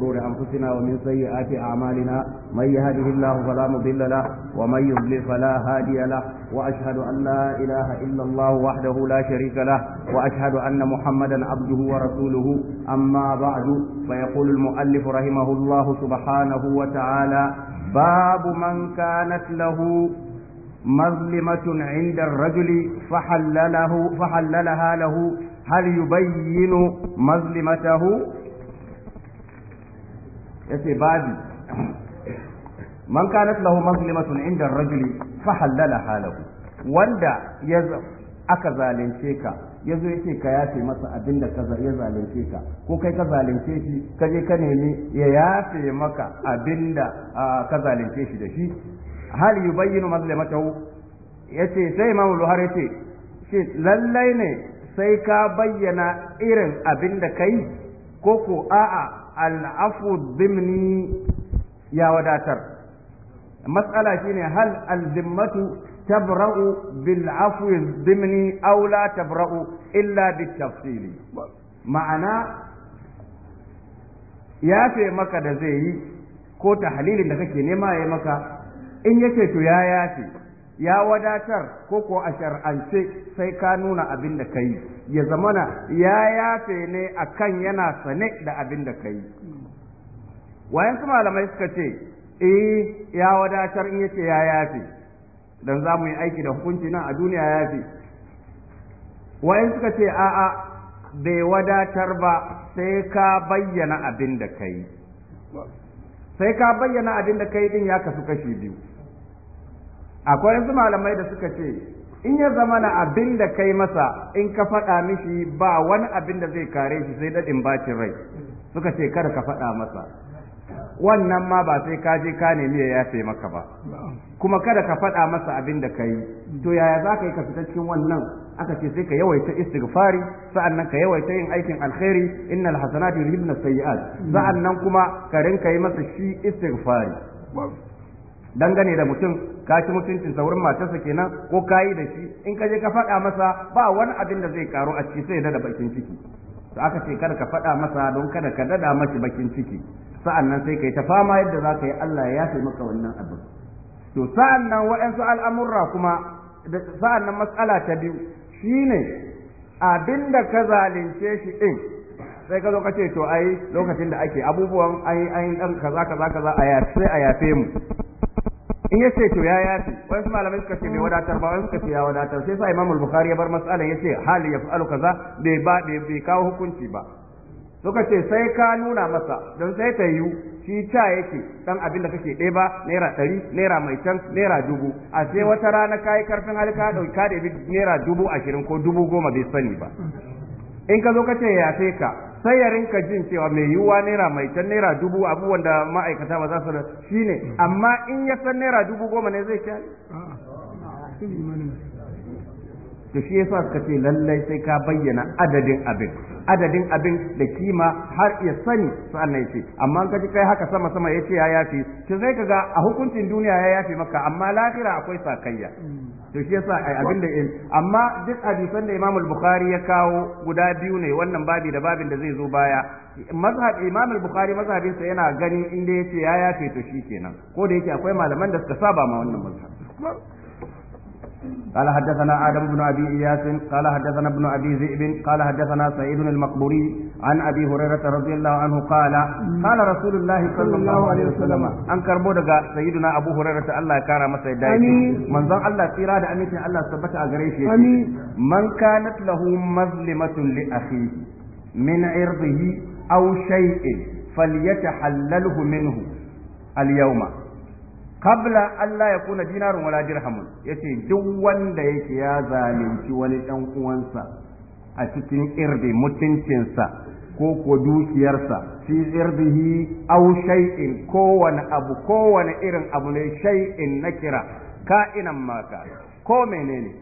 شرور أنفسنا ومن سيئات أعمالنا من يهده الله فلا مضل له ومن يضلل فلا هادي له وأشهد أن لا إله إلا الله وحده لا شريك له وأشهد أن محمدا عبده ورسوله أما بعد فيقول المؤلف رحمه الله سبحانه وتعالى باب من كانت له مظلمة عند الرجل فحلله فحللها له هل يبين مظلمته yace babi man kanat lahu mazlimatun inda rajuli fa halala halahu wanda ya aka zalunce ka yazo yace ka yafe masa abinda ka ya zalunce ka ko kai ka zalunce shi ka je ka nemi ya yafe maka abinda ka zalunce shi da shi hal yubayyinu mazlimatahu yace sai imamu buhari yace shi lallai ne sai ka bayyana irin abin da kai ko ko a'a al'afu zimni ya wadatar matsala shine hal al-zimmatu تبرأ بالعفو الضمني أو illa تبرأ tafsili ma'ana ya yafe maka da zai yi ko tahlilin da kake nema ya maka in yake to ya yafe ya wadatar ko ko a shar'ance sai ka nuna abin da ka yi ya zamana ya yafe ne akan yana sane da abin da ka yi wayansu malamai suka ce eh ya wadatar in yace ya yafe dan za mu yi aiki da hukunci nan a duniya ya fi Wayan suka ce a'a bai wadatar ba sai ka bayyana abin da ka yi sai ka bayyana abin da ka yi din ya kasu kashi biyu akwai wasu malamai da suka ce in ya zama na abin da kai masa in ka faɗa mishi ba wani abin da zai kare shi sai daɗin bacin rai suka ce kada ka faɗa masa wannan ma ba sai ka je ka nemi ya yafe maka ba kuma kada ka faɗa masa abin da ka yi to yaya za ka yi ka fita cikin wannan aka ce sai ka yawaita istighfari sa'annan ka yawaita yin aikin alkhairi innal hasanatu yuzhibna sayyi'at sa'annan kuma ka rinka yi masa shi istighfari dangane da mutum ka ci mutuncin sa wurin matarsa kenan ko kayi da shi in ka je ka faɗa masa ba wani abin da zai karu a ciki sai da bakin ciki to aka ce kada ka faɗa masa don kada ka dada mashi bakin ciki sa'annan sai kai ta fama yadda za ka yi Allah ya yafe maka wannan abin to sa'annan wa'ansu al'amurra kuma sa'annan masala matsala ta biyu shine abin da ka zalunce shi ɗin sai ka zo ka ce to ai lokacin da ake abubuwan ai ai dan kaza kaza kaza a yafe mu in ya ce to ya yafi wani su malamai suka ce mai wadatar ba wani suka ce ya wadatar sai sa imamul bukhari ya bar matsalan ya ce hali ya fa'alu kaza bai ba bai kawo hukunci ba suka ce sai ka nuna masa don sai ta yiwu shi ta yake dan abin da kake ɗaya ba naira ɗari naira mai can naira dubu a sai wata rana ka yi karfin hali ka ɗauki ka naira dubu ashirin ko dubu goma bai sani ba in ka zo ka ce ya sai ka sai ya rinka jin cewa mai yiwuwa naira mai can naira dubu abubuwan da ma'aikata ba za su da shi ne amma in ya san naira dubu goma ne zai kyale Da shi yasa suka ce lallai sai ka bayyana adadin abin adadin abin da kima har ya sani sannan ce, amma kaji kai haka sama sama ya ce ya yafi to ka ga a hukuncin duniya ya yafi maka amma lahira akwai sakayya to shi yasa ai abin da amma duk hadisan da Imam al-Bukhari ya kawo guda biyu ne wannan babi da babin da zai zo baya mazhab Imam al-Bukhari mazhabin sa yana gani inda yace ya yafe to shikenan ko da yake akwai malaman da suka saba ma wannan mazhab قال حدثنا آدم بن أبي إياس قال حدثنا ابن أبي ذئب قال حدثنا سعيد المقبوري عن أبي هريرة رضي الله عنه قال قال رسول الله صلى الله عليه وسلم أن كربو دقا سيدنا أبو هريرة الله كان مسعد من ظن الله سيرا أميت الله ثبت أغريش من كانت له مظلمة لأخيه من عرضه أو شيء فليتحلله منه اليوم kabla Allah ya kuna dinarun wala dirhamun yace duk wanda yake ya zalunci wani dan uwansa a cikin irbi mutuncinsa ko ko dukiyarsa fi irbihi aw shay'in kowane abu kowane irin abu ne shay'in nakira ka'inan maka ko menene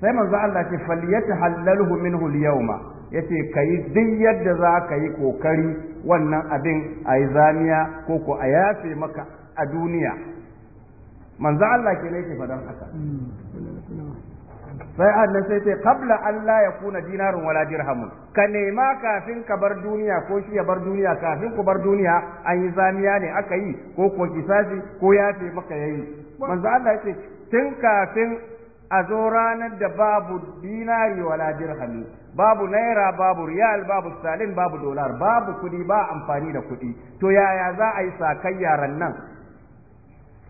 sai manzo Allah ce halaluhu minhu al-yawma yace kai duk yadda za ka yi kokari wannan abin a yi zaniya ko ko a yafe maka a duniya manzo Allah ke ne ke fadan haka hmm. sai Allah sai sai qabla Allah ya kuna dinarun wala dirhamun ka nema kafin ka bar duniya ko shi ya bar duniya kafin ku bar duniya an yi zamiya ne aka yi ko ko kisasi ko ya ce maka yayi manzo Allah ce tun kafin a zo ranar da babu dinari wala dirhami babu naira babu riyal babu salin babu dolar babu kudi ba amfani da kudi to yaya za a yi sakayyaran nan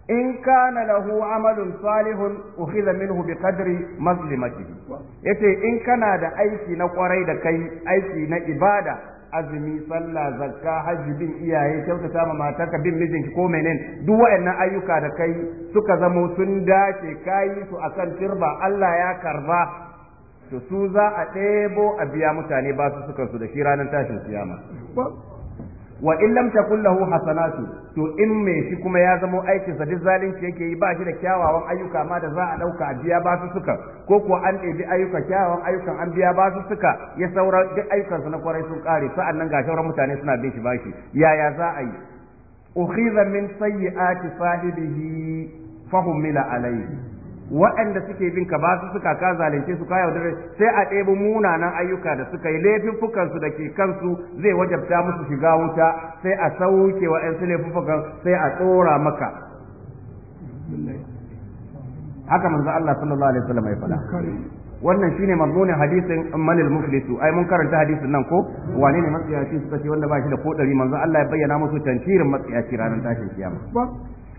in kana lahu amalun salihun ukhidha minhu biqadri mazlimatihi yace in kana da aiki na kwarai da kai aiki na ibada azumi sallah zakka hajji bin iyaye kyautata ma matarka bin mijinki ko menene duk waɗannan ayyuka da kai suka zama sun dace kayi su akan turba Allah ya karba to su za a ɗebo a biya mutane ba su suka su da shi ranar tashin kiyama wa in lam takul lahu hasanatu to in me shi kuma ya zamo aikin sa duk zalunci yake yi ba shi da kyawawan ayyuka ma da za a dauka a biya ba su suka ko kuwa an ɗebi ayyuka kyawawan ayyukan an biya ba su suka ya saura duk ayyukan sa na kwarai sun kare nan ga shauran mutane suna bin shi bashi yaya za a yi ukhiza min sayyi'ati sahibihi fahumila alayhi waɗanda suke bin ka ba su suka ka zalunce su ka yaudare sai a ɗebi munanan ayyuka da suka yi fukansu da ke kansu zai wajabta musu shiga wuta sai a sauke wa laifin fukan sai a tsora maka haka manzo Allah sallallahu alaihi wasallam ya faɗa wannan shine mazmunin hadisin manil muflisu ai mun karanta hadisin nan ko wane ne matsiyaci suka ce wanda ba shi da kodari manzo Allah ya bayyana musu tantirin matsiyaci ranar tashin kiyama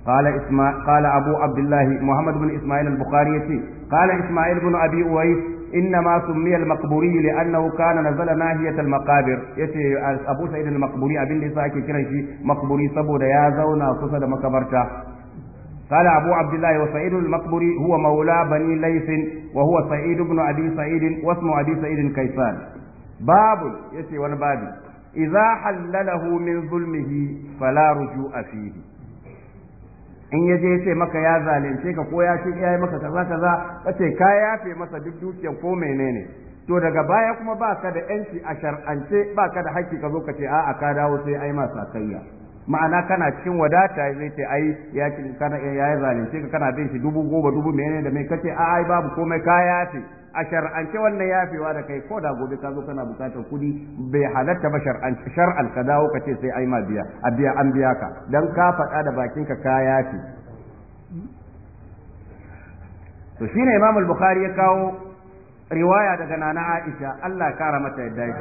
قال إسماء قال أبو عبد الله محمد بن إسماعيل البخاري قال إسماعيل بن أبي أويس إنما سمي المقبوري لأنه كان نزل ناحية المقابر يتي أبو سعيد المقبوري أبن لسا كيرشي مقبوري سبو يا زونا قصد مكبرتا قال أبو عبد الله وسعيد المقبري هو مولى بني ليث وهو سعيد بن أبي سعيد واسم أبي سعيد كيسان باب يتي ونبابي إذا حلله من ظلمه فلا رجوع فيه in ya je ce maka ya zalunce ka ko ya ce ya yi maka kaza kaza ka ce ka yafe masa duk dukiyan ko menene to daga baya kuma ba ka da yanci a shar'ance ba ka da haƙƙi ka zo ka ce a'a ka dawo sai ai ma kayya ma'ana kana cikin wadata zai ce ai ya ci kana ya zalunce ka kana bin shi dubu goma dubu ne da mai kace a ai babu komai ka yafe a shar'ance wannan yafewa da kai ko da gobe ka zo kana bukatar kudi bai halatta ba shar'ance shar'an ka dawo ka ce sai ai ma biya a biya an biya ka dan ka faɗa da bakin ka yafe to shi ne al-Bukhari ya kawo رواية kara عائشة الله كرمت يدايك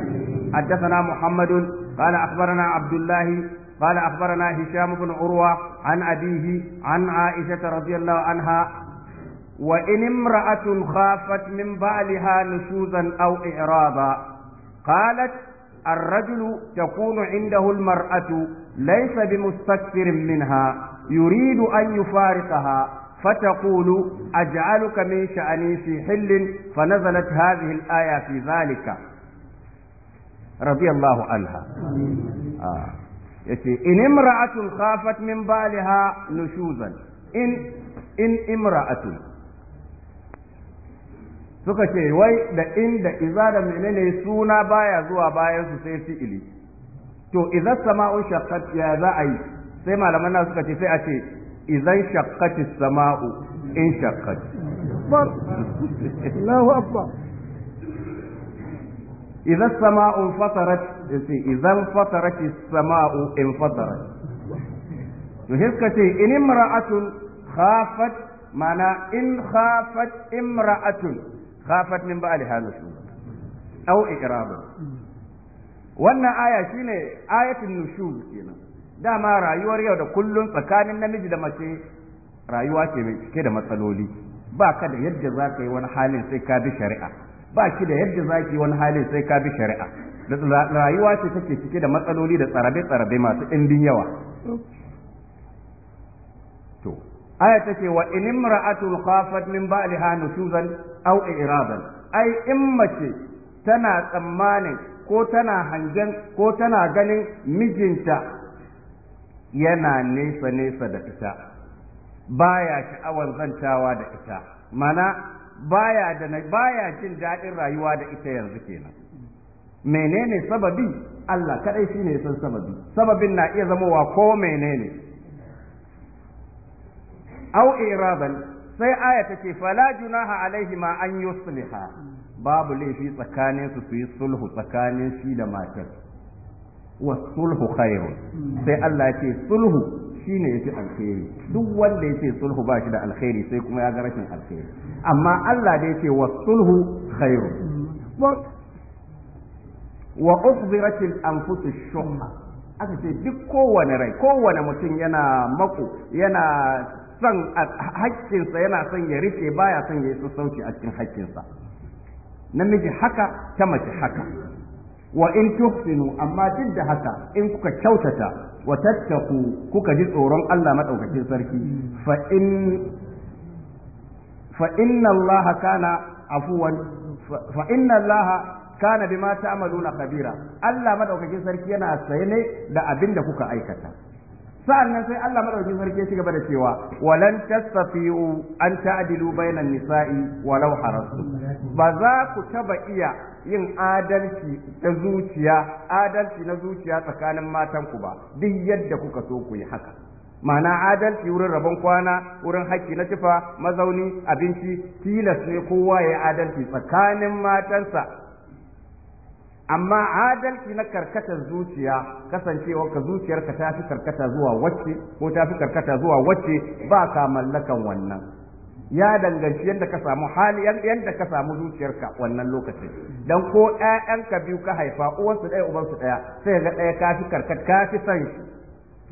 حدثنا محمد قال أخبرنا عبد الله قال أخبرنا هشام بن عروة عن أبيه عن عائشة رضي الله عنها وإن امرأة خافت من بعلها نشوزا أو إعرابا قالت الرجل تكون عنده المرأة ليس بمستكثر منها يريد أن يفارقها فتقول أجعلك من شأني في حل فنزلت هذه الآية في ذلك رضي الله عنها آه. yace in imra'atun khafat min baliha nushuzan in in imra'atun suka ce wai da in da iza da menene suna baya zuwa bayan su sai fi'ili to iza sama'u shaqqat ya za a yi sai malaman nan suka ce sai a ce idan shaqqati sama'u in shaqqat Allahu akbar إذا السماء انفطرت إذا انفطرت السماء انفطرت وهيك إن امرأة خافت معنى إن خافت امرأة خافت من بعدها نشوز أو إقرار wannan aya shine ayatul nushuz kenan dama rayuwar yau da kullum tsakanin namiji da mace rayuwa ce mai cike da matsaloli ba ka da yadda za ka yi wani halin sai ka bi shari'a ba ki da yadda za zaki wani hali sai ka bi shari'a rayuwa ce take cike da matsaloli da tsarabe-tsarabe masu ɗimbin yawa to aya take wa in imra'atul khafat min ba'liha nusuzan aw i'radan ai in mace tana tsammanin ko tana hangen ko tana ganin mijinta yana nesa nesa da ita baya sha'awar zantawa da ita mana baya da baya jin daɗin rayuwa da ita yanzu kenan menene sababi Allah kadai shine san sababi sababin na iya zamowa ko menene au iradan sai aya tace fala junaha alaihi ma an yusliha babu laifi tsakanin su su yi sulhu tsakanin shi da matar wa sulhu khairun sai Allah ya ce sulhu ne shi ya ci alkhairi duk wanda ya ce sulhu ba shi da alkhairi sai kuma ya ga rashin alkhairi amma Allah da ce wa sulhu khairu wa uhdirat al anfus aka ce duk kowane rai kowane mutum yana maku yana son haƙƙinsa yana son ya rike baya son ya yi sassauci a cikin haƙƙinsa namiji haka ta mace haka wa in tuhsinu amma duk da haka in kuka kyautata wa tattaku kuka ji tsoron Allah madaukakin sarki fa in fa inna Allah kana afuwan fa inna Allah kana bima ta'maluna khabira Allah madaukakin sarki yana saye ne da abin da kuka aikata sa'annan sai Allah madaukakin sarki ya ci gaba da cewa walan tastafi'u an ta'dilu bainan nisa'i walau harastu ba za ku taba iya yin adalci na zuciya adalci na zuciya tsakanin matanku ba duk yadda kuka so ku yi haka ma'ana adalci wurin rabon kwana wurin haƙƙi na tufa mazauni abinci tilas ne kowa ya adalci tsakanin matansa amma adalci na karkatar zuciya kasancewar ka zuciyarka ta fi karkata zuwa wacce ko ta fi karkata zuwa wacce ba ka mallakan wannan ya danganci yadda ka samu hali yadda ka samu zuciyarka wannan lokacin dan ko ƴaƴanka biyu ka haifa uwansu ɗaya ubansu ɗaya sai ga ɗaya ka fi karkata ka fi san shi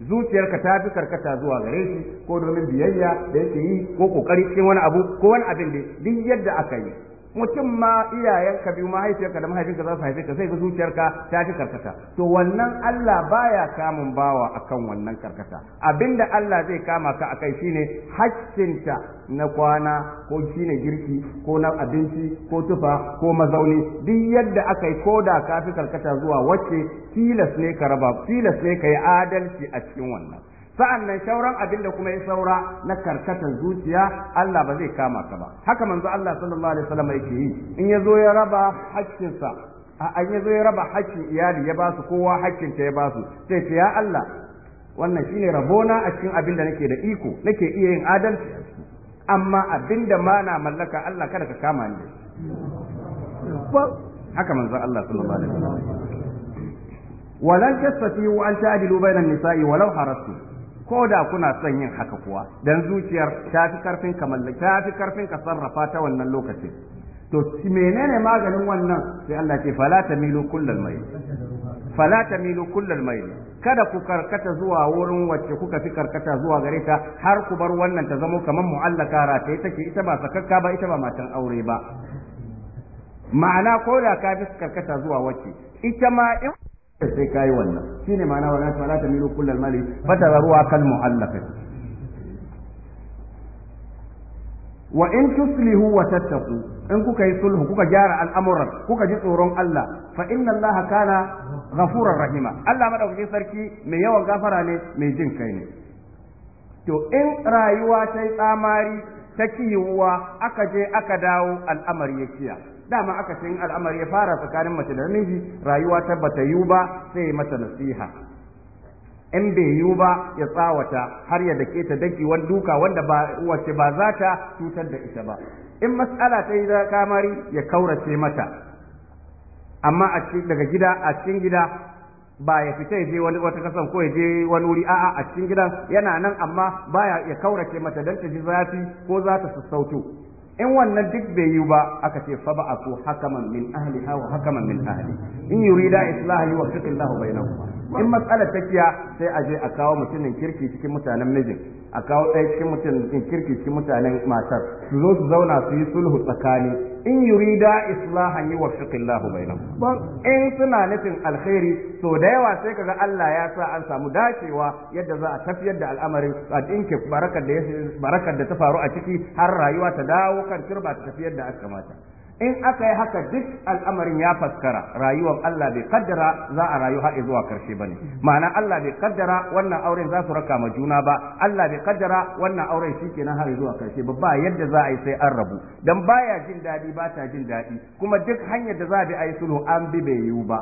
zuciyarka ta fi karkata zuwa gare shi ko domin biyayya da yake yi ko kokari cikin wani abu ko wani abin da duk yadda aka yi mutum ma iyayenka biyu mahaifiyarka da mahaifinka za su haife ka sai ga zuciyarka ta fi karkata to wannan Allah baya kamun bawa akan wannan karkata abinda Allah zai kama ka akai shine haccinta na kwana ko shine girki ko na abinci ko tufa ko mazauni duk yadda aka yi ko da ka fi karkata zuwa wacce tilas ne ka raba tilas ne ka yi adalci a cikin wannan sa'an nan shauran abin da kuma ya saura na karkatar zuciya Allah ba zai kama ka ba haka manzo Allah sallallahu alaihi wasallam yake yi in ya zo ya raba haƙƙinsa a an ya zo ya raba haƙƙin iyali ya ba su kowa haƙƙinta ya ba su sai ce ya Allah wannan shine rabona a cikin abin da nake da iko nake iya yin adalci amma abin da ma na mallaka Allah kada ka kama ni haka manzo Allah sallallahu alaihi wasallam ولن تستطيعوا أن تعدلوا بين النساء ولو حرصتم ko da kuna son yin haka kuwa dan zuciyar ta fi karfin ka ta fi karfin ka sarrafa ta wannan lokacin to menene maganin wannan sai Allah ce fala tamilu kullal mayl fala tamilu kullal mayl kada ku karkata zuwa wurin wacce kuka fi karkata zuwa gare ta har ku bar wannan ta zamo kamar mu'allaka rataye take ita ba sakakka ba ita ba matan aure ba ma'ana ko da ka fi karkata zuwa wacce ita ma in sai kai wannan shine ma'ana wannan fa la tamilu kullal mali fatazaruha akal mu'allaqati wa in tuslihu wa tattaqu in kuka yi sulhu kuka gyara al'amuran kuka ji tsoron Allah fa inna Allah kana ghafurur rahima Allah madaukakin sarki mai yawan gafara ne mai jin kai ne to in rayuwa ta tsamari ta kiyuwa aka je aka dawo al'amari ya dama aka ce in al'amari ya fara tsakanin mace da namiji rayuwa ta bata yu ba sai mata nasiha in bai yu ba ya tsawata har ya dake ta daki wani duka wanda ba wace ba za ta cutar da ita ba in matsala ta yi da kamari ya kaurace mata amma a cikin daga gida a cikin gida ba ya fita je wani wata kasan ko ya je wani wuri a'a a cikin gida yana nan amma baya ya kaurace mata dan ta ji zafi ko za ta sassauto in wannan duk bai yi ba aka ce fa ba'athu hakaman min ahliha wa hakaman min ahli in yurida islahi na bainahuma in matsalar ta kiya sai a je a kawo mutumin kirki cikin mutanen mijin a kawo ɗaya cikin mutumin kirki cikin mutanen matar su zo su zauna su yi sulhu tsakani in yurida islahan yi waffiqillahu bainahum in suna nufin alkhairi so da yawa sai kaga Allah ya sa an samu dacewa yadda za a tafiyar da al'amarin a dinke barakar da ta faru a ciki har rayuwa ta dawo kan turba ta tafiyar da aka kamata in aka yi haka duk al'amarin ya faskara rayuwar Allah bai kaddara za a rayu har zuwa karshe ba ne ma'ana Allah bai kaddara wannan auren za su raka ma juna ba Allah bai kaddara wannan auren shi kenan har zuwa karshe ba ba yadda za a yi sai an rabu dan baya jin daɗi ba ta jin daɗi kuma duk hanyar da za a bi a yi sulhu an bi bai yiwu ba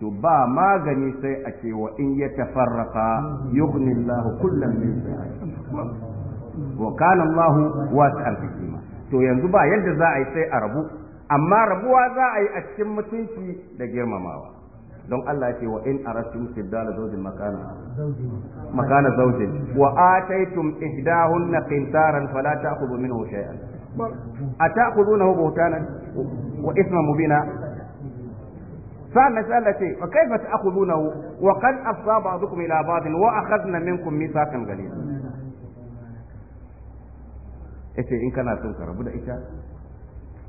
to ba magani sai a ce wa in ya tafarraka Allah kullam min sa'ati wa kana Allah wasi'al hikima to yanzu ba yadda za a yi sai a rabu amma rabuwa za a yi a cikin mutunci da girmamawa don Allah ya ce wa in aratum tibdala zawjin makana makana zaujin wa ataytum ihdahunna qintaran fala ta'khudhu minhu shay'an ata'khudhunahu buhtanan wa ithman mubina فأنا سألتي فكيف تأخذونه وقد أفضى بعضكم إلى بعض وأخذنا منكم ميثاقا غليظا yace in kana son ka rabu da ita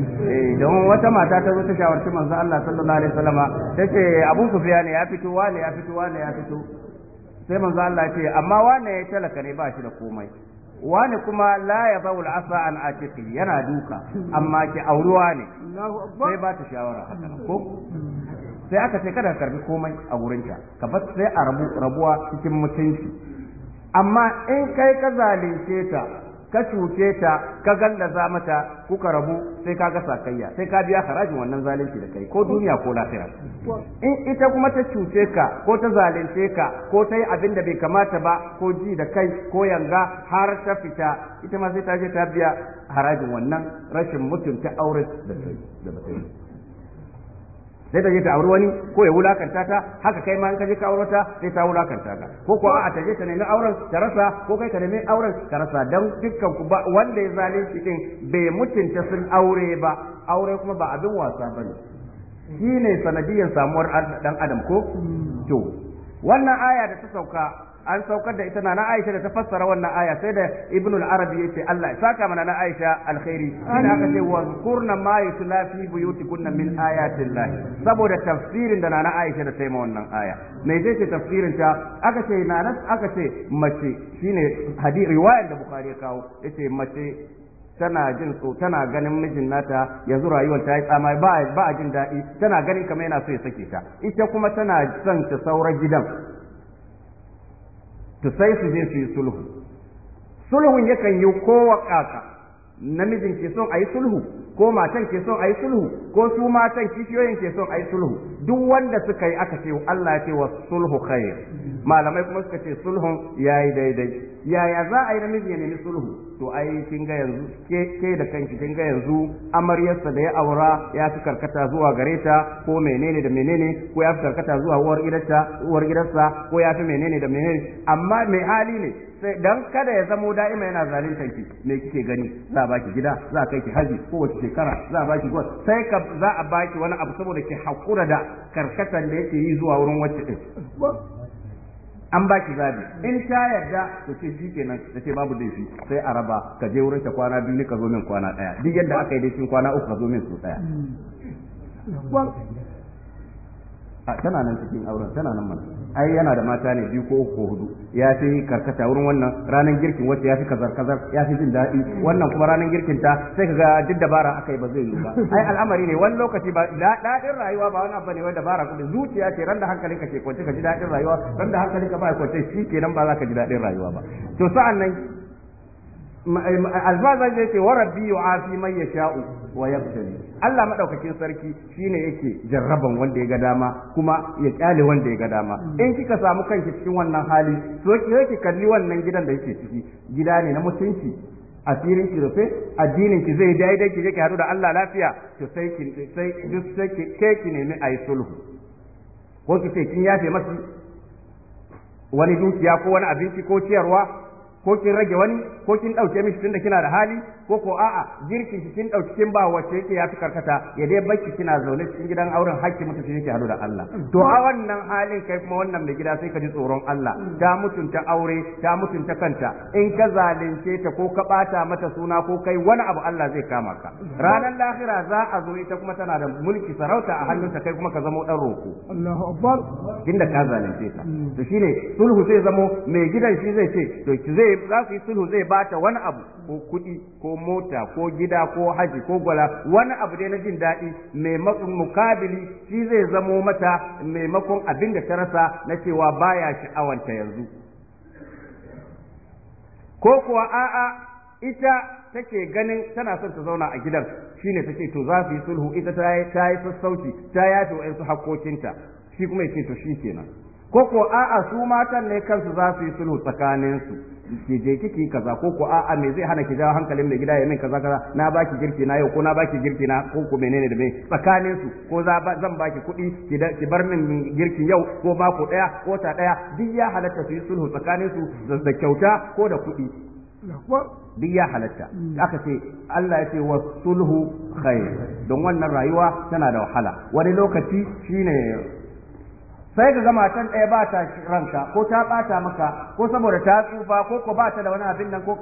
eh don wata mata ta zo ta shawarci manzo Allah sallallahu alaihi wasallama tace Abu Sufyan ya fito wane ya fito wane ya fito sai manzo Allah ce amma wane ya talaka ne ba shi da komai wani kuma la ya bau asa an atiqi yana duka amma ki auruwa ne sai ba ta shawara haka ko sai aka ce kada karbi komai a gurinta ka bar sai a rabuwa cikin mutunci amma in kai ka zalunce ta ka cuce ta ka gallaza mata kuka rabu sai ka ga sakayya sai ka biya harajin wannan zalunci da kai ko duniya ko lafiya in ita kuma ta cuce ka ko ta zalunce ka ko ta yi abin da bai kamata ba ko ji da kai ko yanga har ta fita ita ma sai ta je ta biya harajin wannan rashin mutunta aure da ta yi sai ta je ta auri wani ko ya wulakanta ta haka kai ma in ka je ka aure ta sai ta wulakanta ka ko kuwa a ta je ta nemi auren ta rasa ko kai ka nemi auren ta rasa dan dukkan ku ba wanda ya zalunci din bai mutunta sun aure ba aure kuma ba abin wasa bane shine sanadiyan samuwar dan adam ko to wannan aya da ta sauka an saukar da ita na Aisha da ta fassara wannan aya sai da Ibn al-Arabi yace Allah ya saka mana na Aisha alkhairi Ina aka ce wa zkurna ma yutla fi buyutikunna min ayati saboda tafsirin da na Aisha da ta yi wannan aya me zai ce tafsirin ta aka ce na aka ce mace shine hadith riwayar da Bukhari ya kawo yace mace tana jin so tana ganin mijin nata yanzu rayuwar ta yi tsama ba a jin daɗi tana ganin kamar yana so ya sake ta ita kuma tana son ta saura gidan ta sai su je su yi sulhu sulhun yakan yi ko waƙaƙa namijin ke son a yi sulhu ko matan ke son a yi sulhu ko su matan kishiyoyin ke son a yi sulhu duk wanda suka yi aka ce Allah ya ce wa sulhu khair malamai kuma suka ce sulhun yayi daidai yaya za a yi namiji ya nemi sulhu to ai kin ga yanzu ke da kanki kin ga yanzu amaryarsa da ya aura ya fi karkata zuwa gare ta ko menene da menene ko ya fi karkata zuwa uwar gidansa uwar gidansa ko ya fi menene da menene amma mai hali ne sai dan kada ya zamo da'ima yana zalunta ki me kike gani za a baki gida za a kai ki haji ko wace shekara za a baki gwal sai ka za a baki wani abu saboda ki hakura da karkatan da yake yi zuwa wurin wacce din an baki zabi in ta yarda to ce shi kenan ta ce babu laifi sai a raba ka je wurin ta kwana biyu ne ka zo min kwana daya duk yadda aka yi dai cikin kwana uku ka zo min su daya tana nan cikin auren tana nan mana ai yana da mata ne biyu ko uku ko hudu ya fi karkata wurin wannan ranar girkin wacce ya fi kazar kazar ya fi jin daɗi wannan kuma ranar girkin ta sai ka ga duk dabara aka yi ba zai yi ba ai al'amari ne wani lokaci ba daɗin rayuwa ba wani abu ne wai dabara kuma zuciya ce ran da hankalin ka ke kwance ka ji daɗin rayuwa ran da hankalin ka ba kwance shi kenan ba za ka ji daɗin rayuwa ba to sa'an nan alfazan zai ce wa rabbi yu'afi ya yasha'u wa yabtali Allah madaukakin sarki shi ne yake jarraban wanda ya ga dama kuma ya kyale wanda ya ga dama in kika samu kanki cikin wannan hali to ki kalli wannan gidan da yake ciki gida ne na mutunci asirin ki rufe addinin ki zai daidai ki je ki haɗu da Allah lafiya to sai ki sai duk sai ke ki nemi ayi sulhu ko ki ce kin yafe masa wani dukiya ko wani abinci ko ciyarwa ko kin rage wani ko kin dauke mishi tunda kina da hali ko ko a'a girkin ki kin dauki kin ba wace yake fi karkata ya dai barki kina zaune cikin gidan auren hakki mutu yake hadu da Allah to a wannan halin kai kuma wannan mai gida sai ka ji tsoron Allah ta mutunta aure ta mutunta kanta in ka zalunce ta ko ka ɓata mata suna ko kai wani abu Allah zai kama ka ranar lahira za a zo ita kuma tana da mulki sarauta a hannunta kai kuma ka zamo dan roƙo. Allahu akbar tunda ka zalunce ta to shine sulhu sai zamo mai gidan shi zai ce to ki zai zai za su yi sulhu zai bata wani abu ko kuɗi ko mota ko gida ko haji ko gwala wani abu dai na jin daɗi maimakon mukabili shi zai zamo mata maimakon abin da ta rasa na cewa baya sha'awanta yanzu ko kuwa a'a ita take ganin tana son ta zauna a gidan shine take to za su yi sulhu ita ta yi ta yi sassauci ta yafe wayansu hakkokinta shi kuma yake to shi kenan ko ko a'a su matan ne kansu za su yi sulhu tsakaninsu ki je kiki kaza ko ko a'a me zai hana ki jawo hankalin mai gida ya min kaza kaza na baki girki na yau ko na baki girki na ko ko menene da me tsakanin su ko za zan baki kuɗi ki bar min girki yau ko mako daya ko ta daya duk ya halatta su sulhu tsakanin su da kyauta ko da kuɗi duk ya halatta mm. aka ce Allah ya ce wa sulhu khair don wannan rayuwa tana da wahala wani lokaci shine sai ga ga matan ɗaya ba ta ranka ko ta ɓata maka ko saboda ta tsufa ko ko ba ta da wani abin nan ko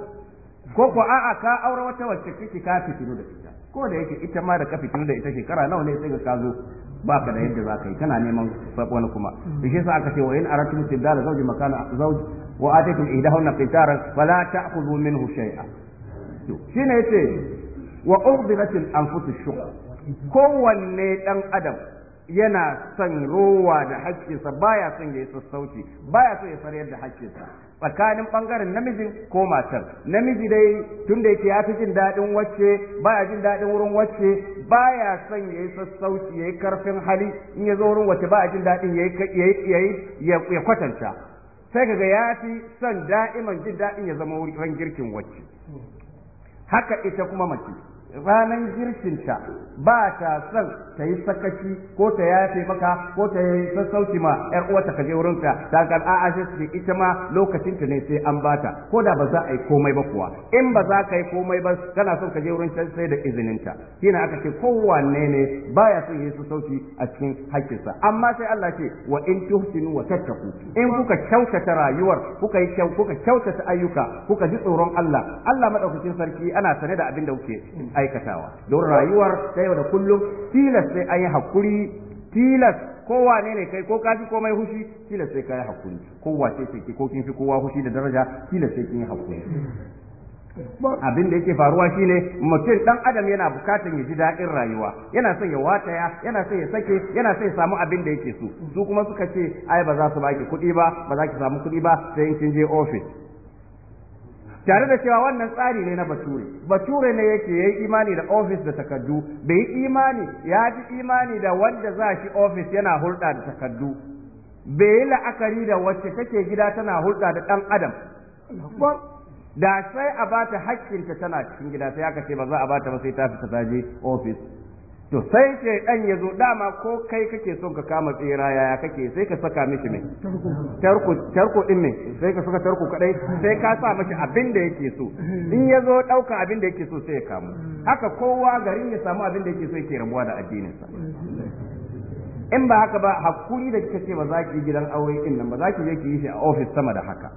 ko ko a'a ka aure wata wacce kike ka fitinu da ita ko da yake ita ma da ka fitinu da ita shekara nawa ne sai ga ka zo ba ka da yadda za ka yi kana neman wani kuma da shi sa aka ce wa in aratum istibdal zawji makana zawj wa atikum ihdahunna qitaran fala ta'khudhu minhu shay'a to shine yace wa ughdirat al-anfus ash-shukr kowanne dan adam yana son rowa da haƙƙinsa ya son ya yi sassauci ba ya so ya sarayar da haƙƙinsa tsakanin ɓangaren namijin ko matar namiji dai tun da yake ya fi jin daɗin wacce ba ya jin daɗin wurin wacce ba ya son ya yi sassauci ya yi karfin hali in ya zo wurin wacce ba ya jin daɗin ya kwatanta sai kaga ya fi son da'iman jin daɗin ya zama wurin girkin wacce haka ita kuma mace ranan girkinta ba ta son ta yi sakaci ko ta yafe maka ko ta yi sassauci ma yar uwarta ka je wurinta ta ga a'a sai ita ma lokacinta ne sai an bata ko da ba za a yi komai ba kuwa in ba za ka yi komai ba kana son ka je wurin ta sai da izinin ta aka ce kowanne ne baya son yi sassauci a cikin hakkinsa amma sai Allah ce wa in tuhsinu wa tattaku in kuka kyautata rayuwar kuka yi kyau kuka kyautata ayyuka kuka ji tsoron Allah Allah madaukakin sarki ana sane da abin da kuke aikatawa don rayuwar ta yau da kullum tilas sai an yi hakuri tilas kowa ne ne kai ko ka fi komai hushi tilas sai ka yi hakuri kowa ce ce ko kin fi kowa hushi da daraja tilas sai kin yi hakuri abin da yake faruwa shine mutum ɗan adam yana bukatan ya ji daɗin rayuwa yana son ya wataya yana son ya sake yana son ya samu abin da yake so su kuma suka ce ai ba za su baki kuɗi ba ba za ki samu kuɗi ba sai in kin je ofis. tare da cewa wannan tsari ne na bature bature ne yake yayi imani da office da takaddu bai yi imani ya ji imani da wanda za shi office yana hulɗa da takaddu bai yi la'akari da wacce take gida tana hulɗa da ɗan adam da sai a bata haƙƙinta tana cikin gida sai aka ce ba za a bata ba sai ta fita ta je office to sai ce dan ya zo dama ko kai kake son ka kama tsira yaya kake sai ka saka mishi mai tarko tarko din ne sai ka saka tarko kadai sai ka sa mishi abin da yake so in ya zo dauka abin da yake so sai ya kamu haka kowa garin ya samu abin da yake so yake rabuwa da addinin sa in ba haka ba hakuri da kika ce ba za ki gidan aure din nan ba za ki je ki yi shi a office sama da haka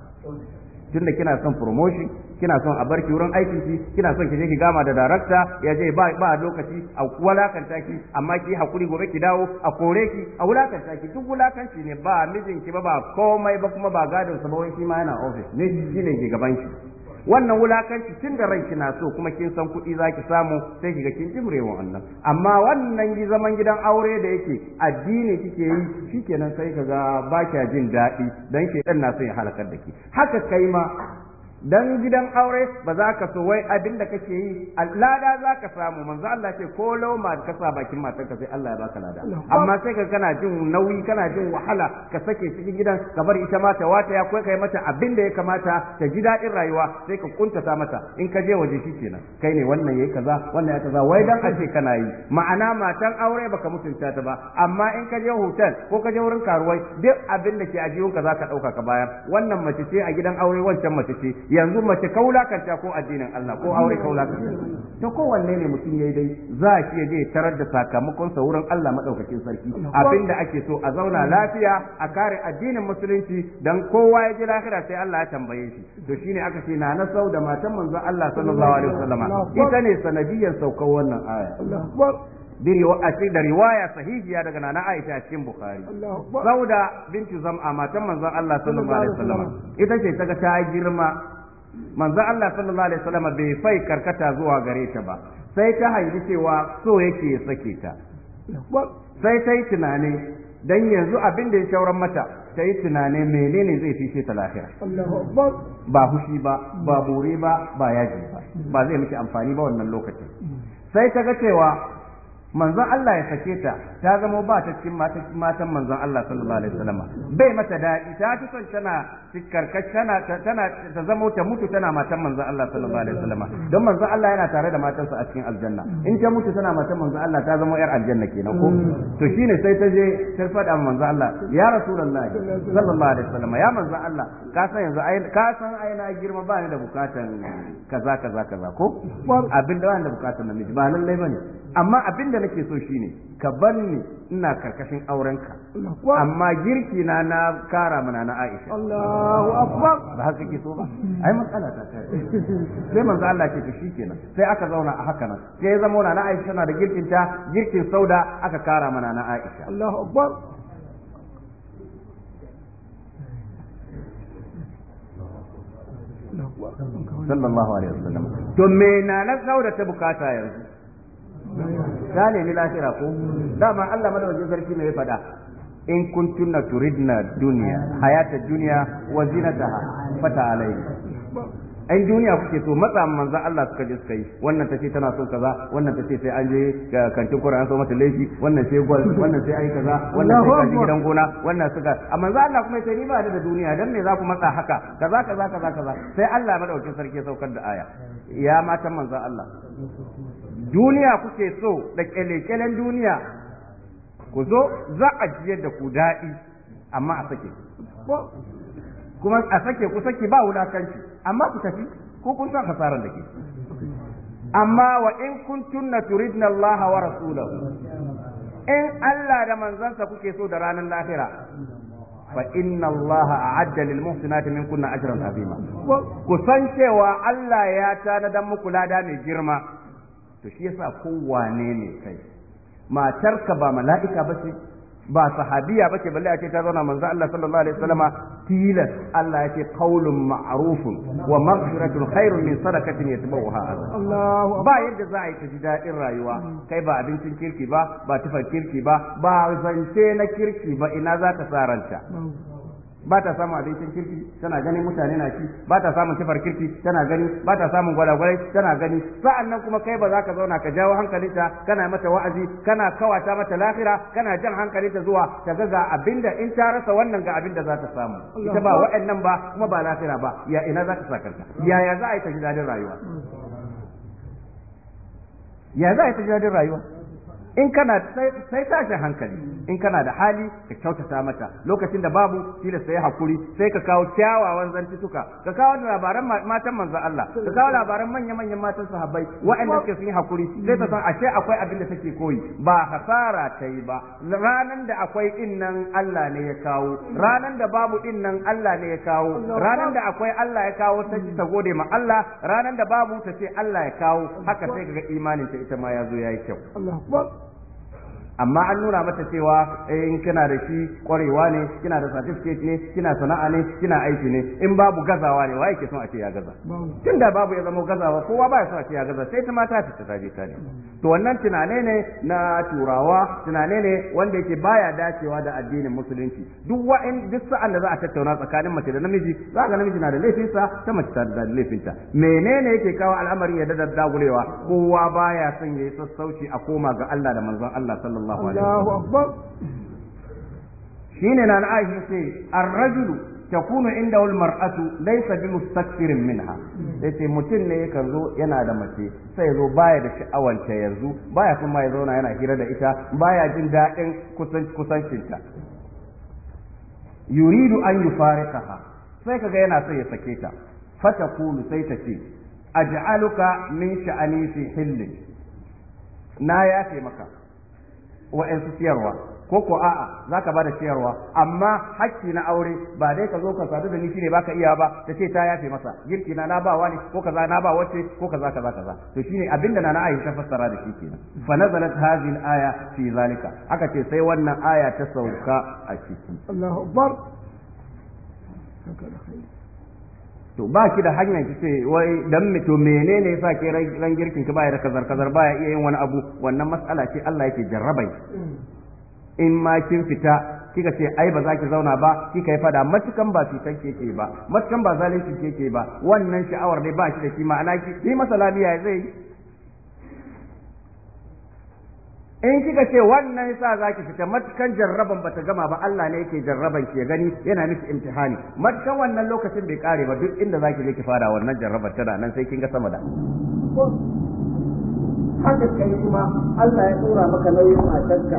tunda kina son promotion kina son a bar ki wurin aikin ki kina son ki je ki gama da darakta ya je ba ba lokaci a wulakanta ki amma ki hakuri gobe ki dawo a kore ki a wulakanta ki duk wulakanci ne ba mijin ki ba ba komai ba kuma ba gadon sa ba wani shi ma yana office ne shi ne ke gaban ki wannan wulakanci tun da ranki na so kuma kin san kuɗi zaki samu sai kiga kin jimre wannan amma wannan gi zaman gidan aure da yake addini kike yi shikenan sai kaga ba kya jin daɗi dan dan na so ya halakar da ki haka kai ma dan gidan aure ba za ka so wai abin da kake yi lada za ka samu manzo Allah ce ko lauma ka sa bakin matar ka sai Allah ya baka lada amma sai ka kana jin nauyi kana jin wahala ka sake cikin gidan ka bar ita ma ta wata ya kai kai mata abin da ya kamata ta ji daɗin rayuwa sai ka ta mata in ka je waje shi kenan kai ne wannan yayi kaza wannan ya kaza wai dan ace kana yi ma'ana matan aure baka mutunta ta ba amma in ka je hotel ko ka je wurin karuwai duk abin da ke a ka za ka ɗauka ka bayar wannan mace ce a gidan aure wancan mace ce yanzu mace kaulakanta ko addinin Allah ko aure kaulakanta to kowanne ne mutum yayi dai za shi je tarar da sakamakon sa wurin Allah madaukakin sarki abinda ake so a zauna lafiya a kare addinin musulunci dan kowa ya ji lahira sai Allah ya tambaye shi to shine aka ce na nasau da matan manzon Allah sallallahu alaihi wasallam ita ne sanadiyar saukar wannan aya da riwaya sahihiya daga nana Aisha cikin Bukhari. Sauda binti Zam'a matan manzon Allah sallallahu alaihi wasallam ita ce ta ga ta girma manzo Allah sallallahu alaihi wasallam bai fai karkata zuwa gare ta ba sai ta haifi cewa so yake ya sake ta sai ta yi tunani dan yanzu abin da ya shauran mata ta yi tunani menene zai fice ta lahira ba hushi ba ba bore ba ba yaji ba ba zai miki amfani ba wannan lokacin sai ta ga cewa manzon Allah ya sake ta ta zama ba ta cikin matan manzon Allah sallallahu alaihi wasallam bai mata daɗi ta fi son tana karkash tana tana ta zama ta mutu tana matan manzon Allah sallallahu alaihi wasallam don manzon Allah yana tare da matansa a cikin aljanna in ta mutu tana matan manzon Allah ta zama yar aljanna kenan ko mm. to shine sai ta je ta faɗa manzon Allah ya rasulullahi sallallahu alaihi wasallam ya manzon Allah ka san yanzu ai ka san ai na girma ba ni da bukatan kaza kaza kaza ko abin da ba ni da bukatan namiji ba lallai bane amma abin da nake so shine ka bar ni ina karkashin aurenka amma girki na na kara mana na Aisha Allahu akbar ba haka ke so ba ai matsala ta kai sai manzo Allah ke to kenan sai aka zauna a haka nan sai ya zama na Aisha na da girkin ta girkin sauda aka kara mana na Aisha Allahu akbar sallallahu alaihi wasallam to me na na sauda ta bukata yanzu ka ni lahira ko dama Allah madawacin sarki ne ya faɗa in kuntunna turidna duniya hayata duniya wa zinataha fata alayhi ai duniya kuke so matsa manzon Allah suka je suka yi wannan tace tana so kaza wannan tace sai an je kantin Qur'an so mata laifi wannan sai gol wannan sai ai kaza wannan sai kaji gidan gona wannan suka amma manzon Allah kuma sai ni ba da duniya dan me za ku matsa haka kaza kaza kaza kaza sai Allah madaukakin sarki saukar da aya ya matan manzon Allah duniya kuke so da kyale-kyalen duniya ku zo za a jiyar da ku daɗi amma a sake kuma a sake ku sake ba wulakanci amma ku tafi ko kun san hasaran da ke amma wa in kuntunna turidna Allah wa rasulahu in Allah da manzansa kuke so da ranar lahira fa inna Allah a'adda lil muhsinati kunna ajran azima ku san cewa Allah ya tana tanada muku lada mai girma to shi yasa wane ne kai matarka ba mala'ika ba ce ba sahabiya bace balle a ce ta zauna manzo Allah sallallahu alaihi wasallama tilas Allah ya ce qaulun ma'rufun wa maghfiratun khairun min sadaqatin yatbawha Allah ba yadda za a yi ta ji daɗin rayuwa kai ba abincin kirki ba ba tufan kirki ba ba zance na kirki ba ina za ka saranta. ba ta samun abincin kirki tana ganin mutane na ci ba ta samun kifar kirki tana gani ba ta samun gwalagwalai tana gani sa'an nan kuma kai ba za ka zauna ka jawo hankalinta kana mata wa'azi kana kawata mata lafira kana jan hankalinta zuwa ta ga ga abinda in ta rasa wannan ga abinda za ta samu ita ba wa'annan ba kuma ba lafira ba ya ina za ka ta ya ya za a yi ta ji dadin rayuwa ya za a yi ta ji dadin rayuwa in kana sai tashin hankali in kana da hali ka kyautata mata lokacin da babu tilas sai hakuri sai ka kawo kyawawan zantutuka ka kawo labaran matan manzon Allah ka kawo labaran manya-manyan matan sahabbai waɗanda suke sun yi hakuri sai ta san ashe akwai abin da take koyi ba hasara ta yi ba ranan da akwai din nan Allah ne ya kawo ranan da babu din nan Allah ne ya kawo ranan da akwai Allah ya kawo ta ta gode ma Allah ranan da babu ta ce Allah ya kawo haka sai ga imanin ta ita ma ya zo yayi kyau amma an nuna mata cewa eh, in kina da shi kwarewa ne kina da certificate ne kina sana'a ne kina aiki ne in babu gazawa ne wa yake son a ce ya gaza tun da babu ya zama gazawa kowa ba ya son a ce ya gaza sai ta mata ta tafi ta ne to wannan tunane ne na turawa tunane ne wanda yake baya dacewa da addinin musulunci duk wa'in duk sa'an da za a tattauna tsakanin mace da namiji za ga namiji na da laifinsa ta mace ta da laifinta menene yake kawo al'amarin ya dadar dagulewa kowa baya son ya yi sassauci a koma ga Allah da manzon Allah sallallahu sallallahu alaihi wasallam shine na Aisha ce ar-rajulu takunu inda wal mar'atu laysa bi mustakfirin minha yace mutum ne yakan zo yana da mace sai zo baya da sha'awanta yanzu baya kuma ya zauna yana hira da ita baya jin daɗin kusancinta yuridu an yufariqaha sai kaga yana so ya sake ta fata fatakulu sai ta ce aj'aluka min sha'ani fi hillin na yafe maka wa'ansu siyarwa ko ko a'a za ka bada siyarwa amma hakki na aure ba dai ka zo ka sadu da ni shine baka iya ba ta ce ta yafe masa girki na na ba wani ko kaza na ba wace ko kaza kaza kaza to shine abinda na na Aisha fassara da shi kenan fa nazalat hadhihi al-aya fi zalika aka ce sai wannan aya ta sauka a ciki Allahu akbar to ba ki da hanyar ki ce wai dan me to menene yasa ke ran girkin ki baya da kazar kazar baya iya yin wani abu wannan mas'ala ce Allah yake jarrabai in ma kin fita kika ce ai ba za ki zauna ba kika yi fada matukan ba cutar keke ba matukan ba zalunci keke ba wannan sha'awar ne ba shi da shi ma'ana ki yi masa lafiya zai in kika ce wannan yasa zaki fita matkan jarraban bata gama ba Allah ne yake jarraban ki gani yana miki imtihani matkan wannan lokacin bai kare ba duk inda zaki je ki fara wannan jarrabar tana nan sai kin ga sama da haka kai kuma Allah ya tura maka nauyin matarka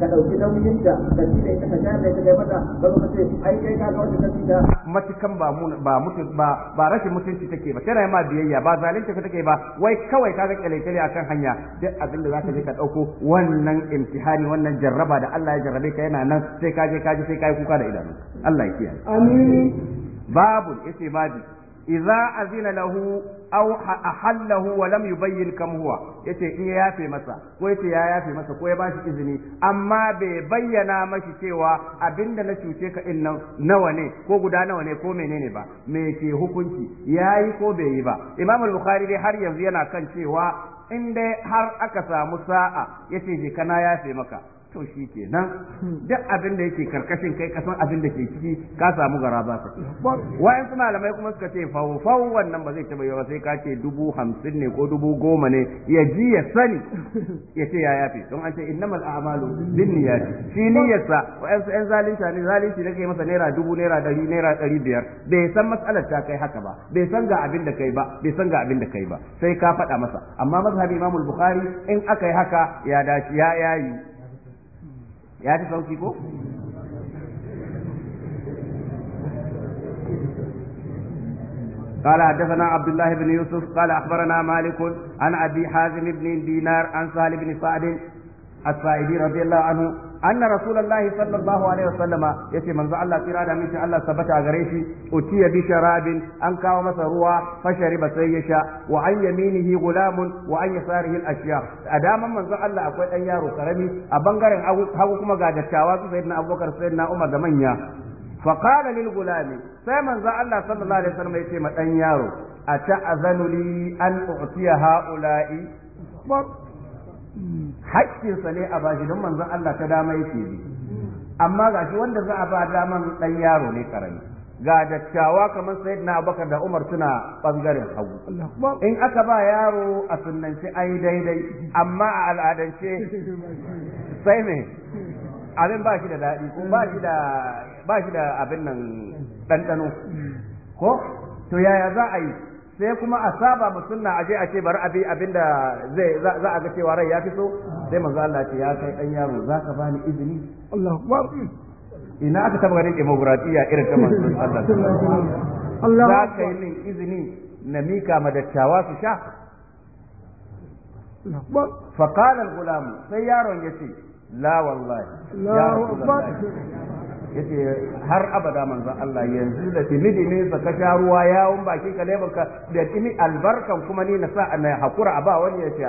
ka ɗauki nauyin da ka ci da ita ka shayar da ita kai mata ba ka ce ai kai ka ga wata ta da matukan ba ba mutu ba ba rashin mutunci take ba tana ma biyayya ba zalunci ta take ba wai kawai ka ga kyalekyale akan hanya duk abin da ka je ka ɗauko wannan imtihani wannan jarraba da Allah ya jarrabe ka yana nan sai ka je ka sai ka yi kuka da idanu Allah ya kiyaye amin babu yace babu idza azina lahu aw ahallahu wa lam yubayyin kam huwa yace in ya yafe masa ko yace ya yafe masa ko ya bashi izini amma bai bayyana mashi cewa abinda na cuce ka in nan nawa ne ko guda nawa ne ko menene ba me ke hukunci yayi ko bai yi ba imam al-bukhari dai har yanzu yana kan cewa in dai har aka samu sa'a yace je kana yafe maka to shi ke nan duk abin da yake karkashin kai kasan abin da ke ciki ka samu gara ba ka wayan su malamai kuma suka ce fawo fawo wannan ba zai taba yawa sai ka ce dubu hamsin ne ko dubu goma ne ya ji ya sani ya ce ya yafe don an ce innamal a'malu niyyati shi niyyarsa wayan su yan zalunta ne zalunci da kai masa naira dubu naira dari naira dari biyar bai san matsalar ta kai haka ba bai san ga abin da kai ba bai san ga abin da kai ba sai ka faɗa masa amma mazhabi imamul bukhari in aka yi haka ya dace ya yayi ya fi sauki ko قال حدثنا عبد الله بن يوسف قال أخبرنا مالك عن أبي حازم بن دينار عن سهل بن سعد السائدي رضي الله عنه anna rasulullahi sallallahu alaihi wasallama yace manzo Allah kira da mishi Allah sabata gare shi utiya bi sharabin an kawo masa ruwa fasha shariba sai ya sha wa an yaminihi gulamun wa an yasarihi al-ashya a daman manzo Allah akwai ɗan yaro karami a bangaren hagu kuma ga dattawa su sayyidina na sayyidina Umar da manya fa qala lil gulami sai manzo Allah sallallahu alaihi wasallam yace ma ɗan yaro ata'azanu li an u'tiya ha'ula'i haƙƙinsa ne a bashi don manzon Allah ta dama yake bi amma ga shi wanda za a ba daman ɗan yaro ne karami ga dattawa kamar sai na abubakar da umar tuna ɓangaren hagu in aka ba yaro a sunnance yi daidai amma a al'adance sai ne abin ba shi da daɗi ko ba shi da abin nan ɗanɗano ko to yaya za a yi sai kuma a saba ma sunna a je a ce bari abi abinda zai za a ga cewa rai ya fito so sai manzo Allah ce ya kai dan yaro zaka bani izini Allahu akbar ina aka taba ganin demokradiya irin kamar sun Allah za ka yi min izini na mika ma dattawa su sha fa qala al-ghulam sai yaron yace la wallahi la wallahi yace har abada manzon Allah yanzu da timidi ne ka sha ruwa yawon baki ka ne baka da timi albarkan kuma ni na sa na hakura a ba wani ya ce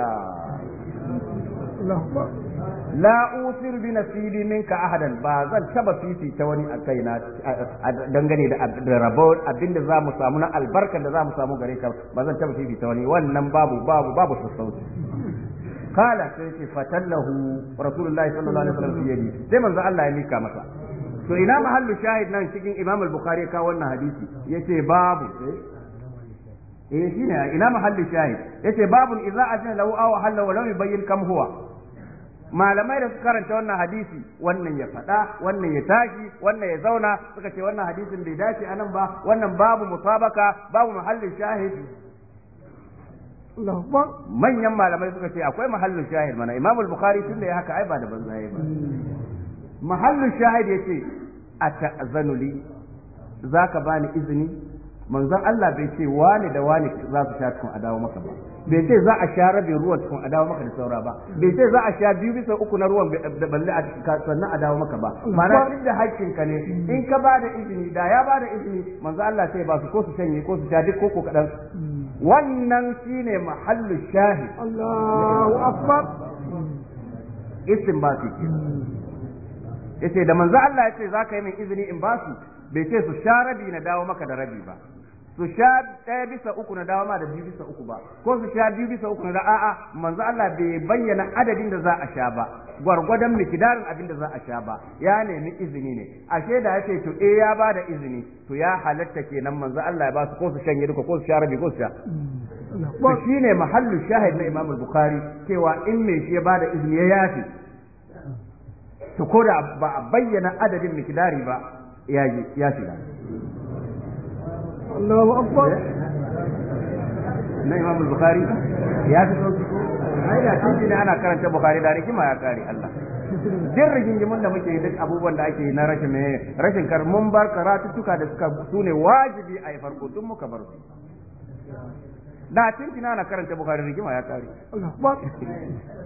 la usir bi nasibi minka ahadan ba zan taba fifi ta wani a kaina dangane da rabo abinda za mu samu na albarkan da za mu samu gare ka ba zan taba fifi ta wani wannan babu babu babu sassauci kala sai ce fatallahu rasulullahi sallallahu alaihi wasallam sai manzo Allah ya mika masa to ina mahallu shahid nan cikin Imam al-Bukhari ka wannan hadisi yace babu eh shine ina mahallu shahid yace babu idza ajna lahu aw halla wa lam yubayyin kam huwa malamai da suka karanta wannan hadisi wannan ya fada wannan ya tashi wannan ya zauna suka ce wannan hadisin bai dace anan ba wannan babu mutabaka babu mahallin shahid manyan malamai suka ce akwai mahallin shahid mana imamul bukhari tun da ya haka ai ba da banza ba hmm. mahallin shahid ce a ta'zanu li zaka bani izini manzon Allah bai ce wani da wani za su sha cikin a dawo maka ba bai ce za a sha rabin ruwan cikin a dawo maka da saura ba bai ce za a sha biyu bisa uku na ruwan da balle a sannan a dawo maka ba ma'ana duk da ka ne in ka ba da izini da ya ba da izini manzon Allah sai ba su ko su shanye ko su sha duk ko ko kadan wannan shine mahallu shahid Allahu akbar isin ba su yace da manzo Allah yace zaka yi min izini in ba su bai ce su sha rabi na dawo maka da rabi ba su sha ɗaya bisa uku na dawo ma da biyu bisa uku ba ko su sha biyu bisa uku na da a'a manzo Allah bai bayyana adadin da za a sha ba gwargwadon mikidarin abin da za a sha ba ya nemi izini ne ashe da yace to eh ya ba da izini to ya halatta kenan manzo Allah ya ba su ko su shanye duka ko su sha rabi ko su sha mm. to shine mahallu shahid na imamu Bukhari cewa in me shi ya ba da izini ya yafi to ko da ba a bayyana adadin mikidari ba ya ya shiga Allahu akbar na Imam Bukhari ya fi sauki ko ai da tun ana karanta Bukhari da rikima ya kare Allah duk rigingimin da muke duk abubuwan da ake na rashin ne rashin kar mun bar karatuttuka da suka su ne wajibi a yi farko tun muka bar su da tintina na karanta bukhari rigima ya kare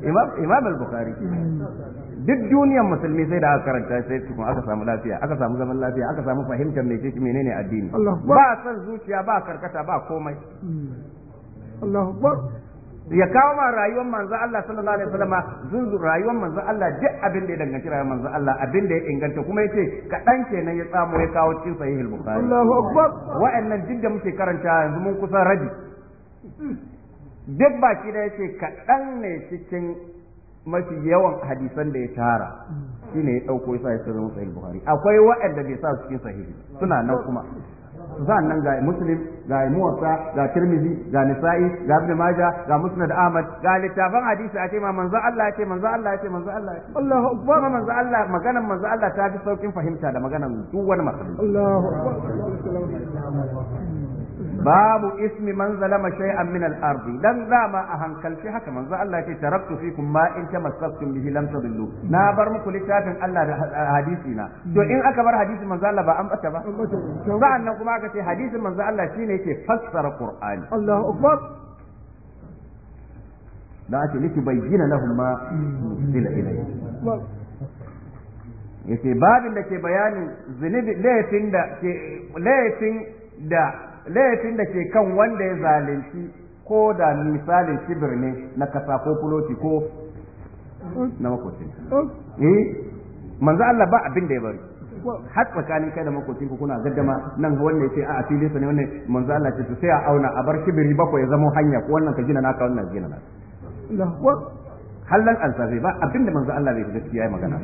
imam imam al-bukhari hmm. duk duniyar musulmi sai da aka karanta sai tukun aka samu lafiya aka samu zaman lafiya aka samu fahimtar mai cece menene addini ba san zuciya ba karkata ba komai hmm. Allahu Akbar ya kawo ma rayuwar manzo Allah sallallahu alaihi wasallam zunzu rayuwar manzo Allah duk abin da ya danganci rayuwar manzo Allah abin da ya inganta kuma yace dan kenan ya tsamo ya kawo cikin sahihul bukhari Allahu Akbar wa'annan duk da muke karanta yanzu mun kusa rabi hmm. duk baki da yace dan ne cikin mafi yawan hadisan da ya tara mm. ne ya ya sa ya zama sahih buhari akwai waɗanda bai sa su cikin sahihi suna nan kuma nan ga muslim ga muwasa ga tirmizi ga nisa'i ga ibn majah ga musnad ahmad ga littafan hadisi a ce ma manzo Allah ya ce manzo Allah ya ce manzo Allah ya ce Allahu akbar manzo Allah maganan manzo Allah ta fi saukin fahimta da maganan duk wani Allahu akbar babu ismi man zalama shay'an min al-ard dan zama a hankalci haka manzo Allah ce taraktu fikum ma in tamassaktum bihi lam tadillu na bar muku littafin Allah da hadisi na to in aka bar hadisi manzo Allah ba an bata ba sa'an nan kuma aka ce hadisin manzo Allah shine yake fassara Qur'ani Allahu akbar da ake liki bayyana lahum ma nuzila ilayhi yake babin da ke bayanin zunubi laifin da ke laifin da laifin da ke kan wanda ya zalunci ko da misalin kibir ne na kasa ko fuloti ko na makocin eh manzo Allah ba abin da ya bari har tsakanin kai da makocin ku kuna gaddama nan wanda yace a asili sa ne wannan manzo Allah ce sai a auna a bar kibiri bakwai ya zama hanya ko wannan ka gina naka wannan gina naka Hallan ansabe ba abinda manzo Allah bai gaskiya yayi magana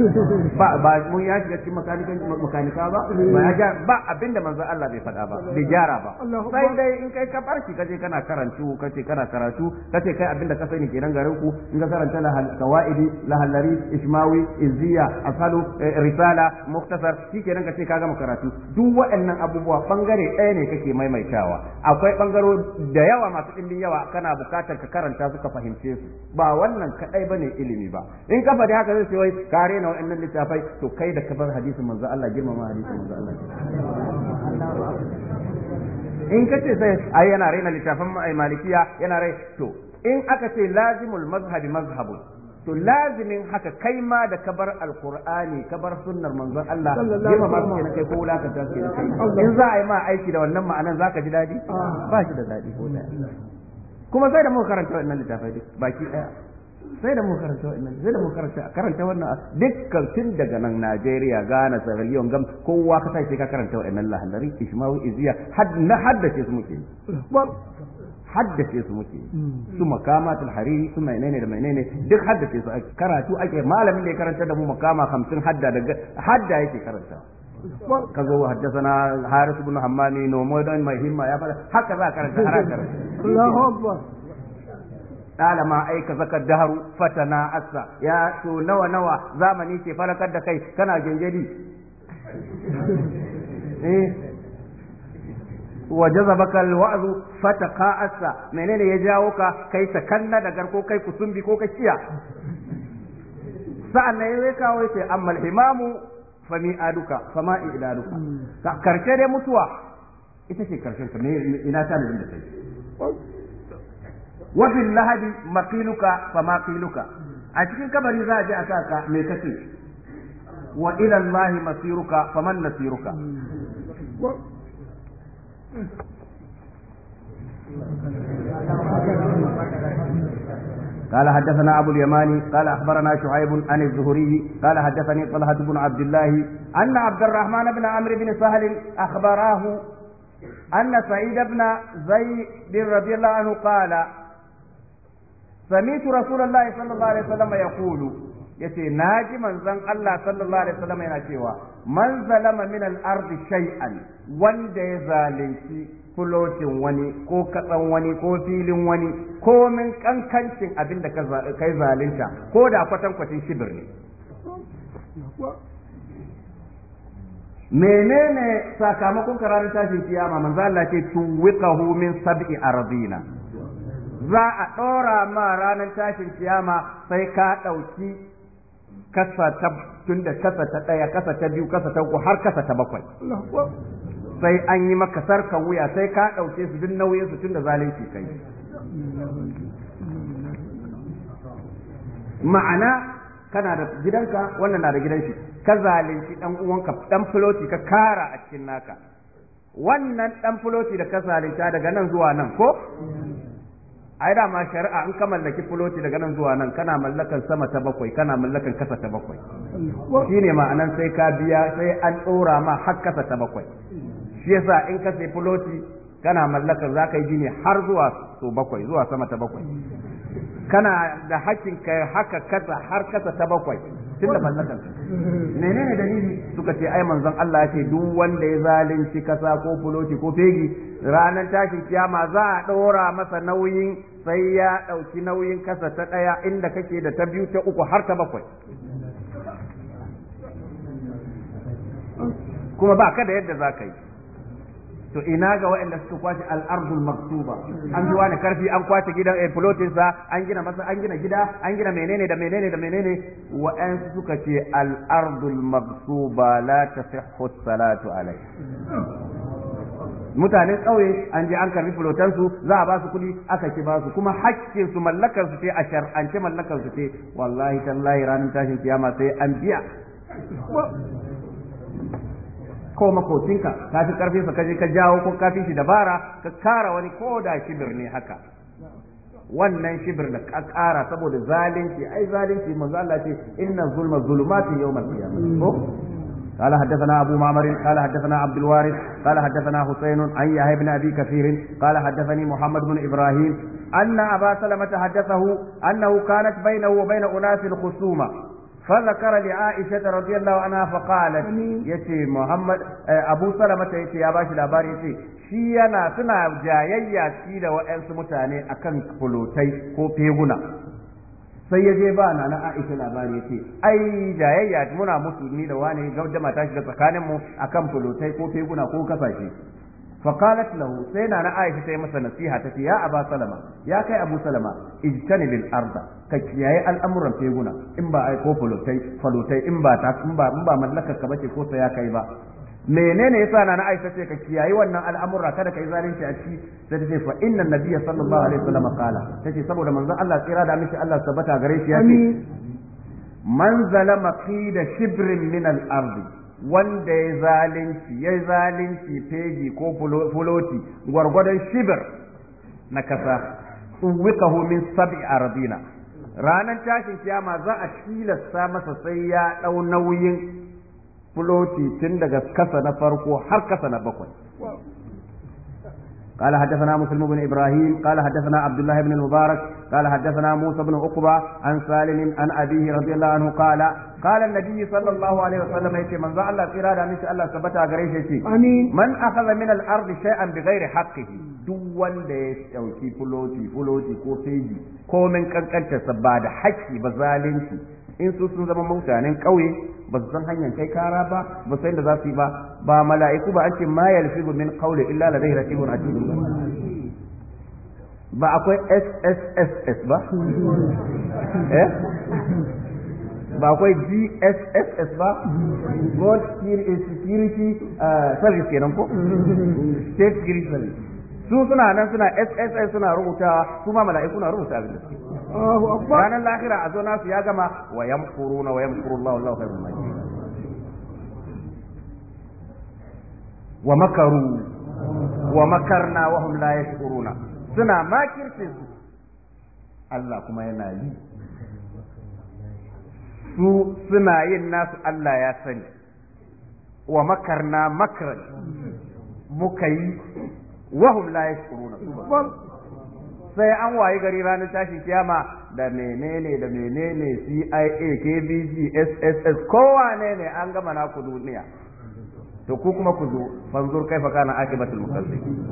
ba ba mun ya shiga cikin makanikan makanika ba ba ya ga ba abinda manzo Allah bai faɗa ba bai gyara ba sai dai in kai ka barci kaje kana karantu kace kana karatu kace kai abinda ka sani kenan garin ku in ka karanta la kawaidi la halari ismawi izziya asalu eh, risala muktasar shikenan kace ka gama karatu duk waɗannan abubuwa bangare ɗaya ne kake maimaitawa akwai bangaro da yawa masu ɗimbin yawa kana bukatar ka karanta su ka fahimce su ba wannan kadai ba sanin ilimi ba in ka faɗi haka zai ce wai ka rena wa'annan littafai to kai da kafar hadisin manzo Allah girmama hadisin manzo Allah in ka ce sai ai yana rena littafan malikiya yana rai to in aka ce lazimul mazhabi mazhabun to lazimin haka kai ma da kabar alqur'ani kabar sunnar manzon Allah yaba ba kenan kai ko laka ta kenan kai in za a yi ma aiki da wannan ma'anan zaka ji dadi ah. ba shi da dadi ko daya kuma sai da muka karanta wannan littafai baki daya sai da muka karanta wannan sai da muka karanta karanta wannan dukkan tun daga nan Najeriya Ghana Sierra Leone gam kowa ka sai ka karanta wannan lahandari Ishmawi Iziya had na haddace su muke haddace su muke hmm. su makamatul hariri su ne da mai ne duk haddace su karatu ake malamin da ya karanta da mu makama 50 hadda daga hadda yake karanta ka zo haddasana Haris ibn Hammani no don mai himma ya fara haka za karanta har Allahu akbar Dalama aika zakar daharu fatana asa, ya so nawa nawa zamani ke farakar da kai kana gengedi eh. wa jazabaka alwa'zu fataka asa, menene ya jawo ka kai sakanna da garko kai kusumbi ko ka ciya sa'an nan ya kawo ya ce himamu, alhimamu fa mi'aduka fa ma hmm. karshe dai mutuwa ita ce karshen ka ina ta da wa fil lahadi maqiluka fa maqiluka a cikin kabari za a ji a saka kace wa ila allahi masiruka fa man nasiruka قال حدثنا أبو اليماني قال أخبرنا شعيب عن الزهري قال حدثني طلحة بن عبد الله أن عبد الرحمن بن عمرو بن سهل أخبراه أن سعيد بن زيد رضي الله عنه قال sami'tu rasulullahi ya alaihi ya ce na ji manzon Allah sallallahu alaihi wasallam yana cewa man zalama min al-ard wanda ya zalunci fulotin wani ko katsan wani ko filin wani ko min kankancin abin da kai zalunta ko da kwatankwacin shibir ne menene sakamakon kararin tashin kiyama manzo Allah ce tuwiqahu min sab'i ardina za a ɗora ma ranar tashin kiyama sai ka ɗauki kasa ta tun da kasa ta ɗaya kasa ta biyu kasa ta uku har kasa ta bakwai sai an yi maka sarkan wuya sai ka ɗauke su duk nauyin su tun da zalunci kai ma'ana kana da gidanka wannan na da gidan shi ka zalunci dan uwanka dan filoti ka kara a cikin naka wannan dan filoti da ka zalunta daga nan zuwa nan ko ai ma shari'a an ka mallaki fuloti daga nan zuwa nan kana mallakan sama ta bakwai kana mallakan kasa ta bakwai shine ma'anan sai ka biya sai an dora ma har kasa ta bakwai shi yasa in ka sai fuloti kana mallakan za ka yi gini har zuwa so bakwai zuwa sama ta bakwai kana da hakkin kai haka kasa har kasa ta bakwai tun da fallakan menene dalili suka ce ai manzon Allah ya ce duk wanda ya zalunci kasa ko fuloti ko fegi ranar tashin kiyama za a ɗora masa nauyin sai ya ɗauki nauyin kasa ta ɗaya inda kake da ta biyu ta uku har ta bakwai kuma ba ka da yadda za ka yi to ina ga waɗanda suka kwace al'ardul maktuba an ji wani karfi an kwace gidan eh, sa an gina masa an gina gida an gina menene da menene da menene waɗansu suka ce al'ardul maktuba la tasihhu salatu alai mutanen ƙauye an je an karbi su za a ba su kuɗi aka ci ba su kuma hakkin su mallakar su ce a shar'ance mallakar su ce wallahi tallahi ranar tashin kiyama sai an biya ko makocinka ka fi karfin sa kaje ka jawo ko ka shi dabara ka kara wani ko da shibir ne haka wannan shibir da ka kara saboda zalunci ai zalunci manzo Allah ce inna zulma zulumati yawmal qiyamah ko قال حدثنا أبو معمر قال حدثنا عبد الوارث قال حدثنا حسين عن يحيى بن أبي كثير قال حدثني محمد بن إبراهيم أن أبا سلمة حدثه أنه كانت بينه وبين أناس خصومة فذكر لعائشة رضي الله عنها فقالت يتي محمد أبو سلمة يتي يا باشي الأبار يتي shi yana suna jayayya shi da waɗansu mutane akan fulotai ko feguna sai ya je ba na na Aisha labari ce ai jayayya muna musu ni da wani gaudama ta shiga tsakaninmu akan fulotai ko feguna ko kasashe فقالت له سينا انا عائشه تي مسا نصيحه تتي يا ابا سلمة يا كاي ابو سلمة اجتنب الارض كياي الامر في غنا ان با اي كوفلوتاي فلوتاي ان با تاك ان با ان با ملكك bace ko saya kai ba menene yasa na Aisha ce ka kiyaye wannan al'amura kada kai zalunci a ciki sai ta ce fa inna nabiyya sallallahu alaihi wasallam qala tace saboda manzon Allah tsira da mishi Allah sabata gare shi ya ce man zalama qida shibrin min al-ardi wanda ya zalunci ya zalunci feji ko fuloti gwargwadon shibir na kasa tsuwikahu min sab'i rabina ranar tashin kiyama za a tilasta masa sai ya ɗau nauyin fuloti tun daga kasa na farko har kasa na bakwai قال حدثنا مسلم بن ابراهيم قال حدثنا عبد الله بن المبارك قال حدثنا موسى بن عقبه عن سالم عن ابيه رضي الله عنه قال قال النبي صلى الله عليه وسلم يتي من الله تيرا دا مش الله ثبتا غريش يتي من اخذ من الارض شيئا بغير حقه duk wanda ya dauki فلوتي fuloti ko feji كنكنت min kankanta sabba ان سوسن زمان zalunci in su ba su san hanyar kai kara ba ba san da za su yi ba ba mala'iku ba an ce ma lafi min qawli illa ladayhi raqibun atid ba akwai SSSS ba eh ba akwai GSSS ba God Security eh, eh, Service kenan ko State Security Service su suna nan suna SSS suna rubutawa su ma mala'iku na rubuta abin da suke ranar lahira a zo nasu ya gama wa yamkuruna wa yamkurullahu wallahu khairul makirin wa makaru wa makarna wa hum la yashkuruna suna makirce su Allah kuma yana yi su suna yin nasu Allah ya sani wa makarna makar muka yi wa hum la yashkuruna sai an wayi gari ranar tashin kiyama da menene da menene CIA KBG SSS kowane ne an gama naku duniya to ku kuma ku zo fanzur fa kana akibatul mukazzibin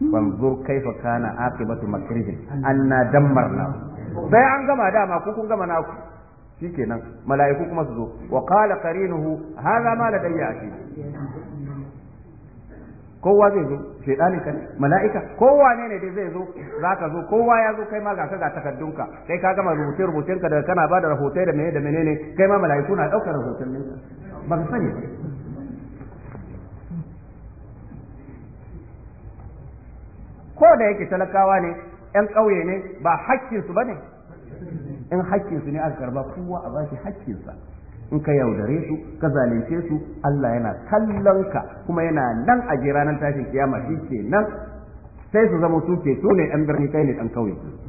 fanzur fa kana akibatul makrihim anna dammarna sai an gama dama ku kun gama naku shikenan mala'iku kuma su zo wa qala qarinuhu hadha ma ladayya akid kowa zai zo shaidani ka mala'ika kowa ne ne dai zai zo zaka zo kowa ya zo kai ma ga ka ga takaddunka kai ka gama rubuce rubutun ka da kana ba da rahotai da menene da menene kai ma mala'iku na daukar rahoton ne ba ka sani ko da yake talakawa ne yan ƙauye ne ba hakkin su bane in hakkin su ne aka karba kowa a bashi hakkin sa in ka yaudare su ka zalunce su Allah yana kallon ka kuma yana nan a ranar tashin kiyama shi ke nan sai su zama su ke su ne ɗan birni kai ne ɗan kauye